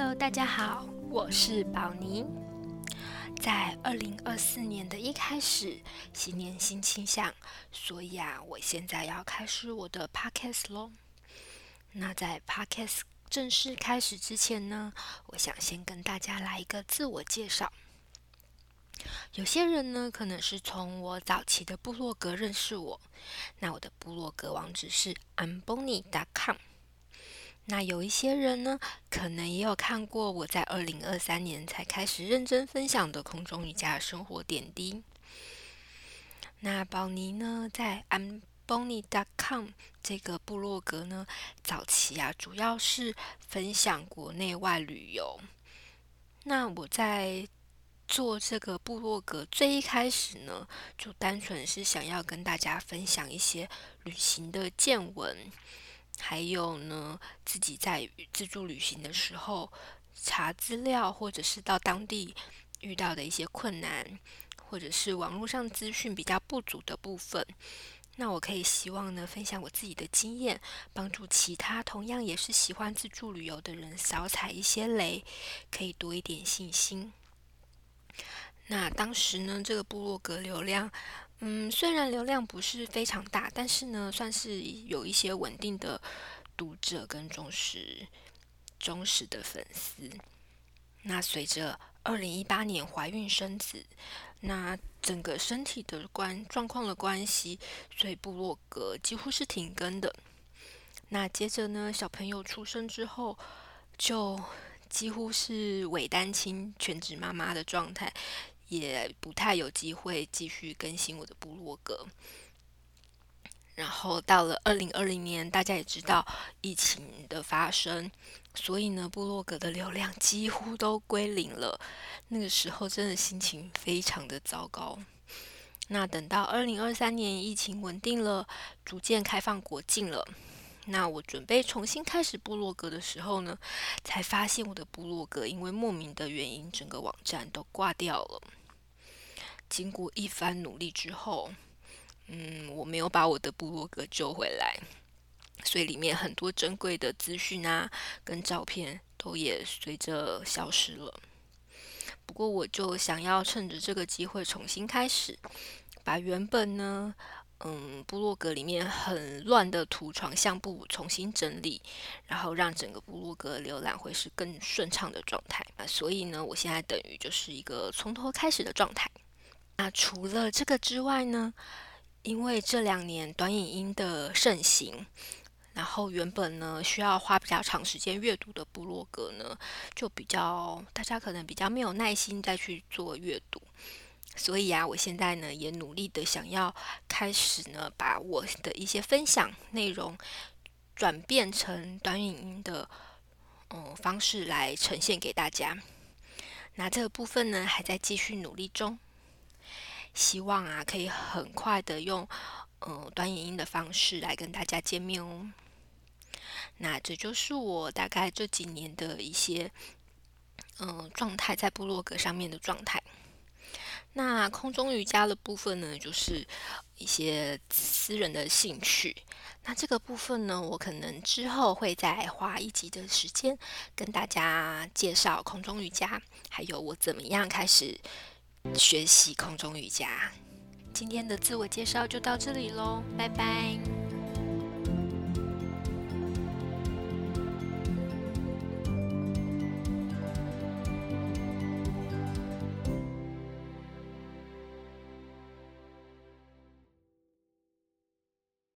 Hello，大家好，我是寶妮。在二零二四年的一開始，新年新氣象，所以啊，我現在要開始我的 podcast 嘍。那在 podcast 正式開始之前呢，我想先跟大家來一個自我介紹。有些人呢，可能是從我早期的部落格認識我，那我的部落格網址是 iambonnie.com 那有一些人呢，可能也有看過我在二零二三年才開始認真分享的空中瑜伽生活點滴。那寶妮呢，在 i'mbonnie.com 這個部落格呢，早期啊，主要是分享國內外旅遊。那我在做這個部落格最一開始呢，就單純是想要跟大家分享一些旅行的見聞。還有呢，自己在自助旅行的時候查資料，或者是到當地遇到的一些困難，或者是網絡上資訊比較不足的部分，那我可以希望呢，分享我自己的經驗，幫助其他同樣也是喜歡自助旅遊的人少踩一些雷，可以多一點信心。那當時呢，這個部落格流量。嗯，雖然流量不是非常大，但是呢，算是有一些穩定的讀者跟忠實、忠實的粉絲。那隨着二零一八年懷孕生子，那整個身體的關狀況的關係，所以部落格幾乎是停更的。那接着呢，小朋友出生之後，就幾乎是偽單親、全職媽媽的狀態。也不太有機會繼續更新我的部落格。然後到了二零二零年，大家也知道疫情的發生，所以呢，部落格的流量幾乎都歸零了。那個時候真的心情非常的糟糕。那等到二零二三年疫情穩定了，逐漸開放國境了，那我準備重新開始部落格的時候呢，才發現我的部落格因為莫名的原因，整個網站都掛掉了。經過一番努力之後，嗯，我沒有把我的部落格救回來，所以裡面很多珍貴的資訊啊，跟照片都也隨着消失了。不過，我就想要趁着這個機會重新開始，把原本呢，嗯，部落格裡面很亂的圖床相簿重新整理，然後讓整個部落格瀏覽會是更順暢的狀態。啊，所以呢，我現在等於就是一個從頭開始的狀態。那除了這個之外呢，因為這兩年短影音的盛行，然後原本呢需要花比較長時間閱讀的部落格呢，就比較，大家可能比較沒有耐心再去做閱讀。所以啊，我現在呢也努力的想要開始呢，把我的一些分享內容轉變成短影音的，嗯，方式來呈現給大家。那這個部分呢還在繼續努力中。希望啊，可以很快的用嗯短影音的方式來跟大家見面哦。那這就是我大概這幾年的一些嗯、呃、狀態，在部落格上面的狀態。那空中瑜伽的部分呢，就是一些私人的興趣。那這個部分呢，我可能之後會再花一集的時間，跟大家介紹空中瑜伽，還有我怎麼樣開始。學習空中瑜伽。今天的自我介紹就到這裡嘍，拜拜。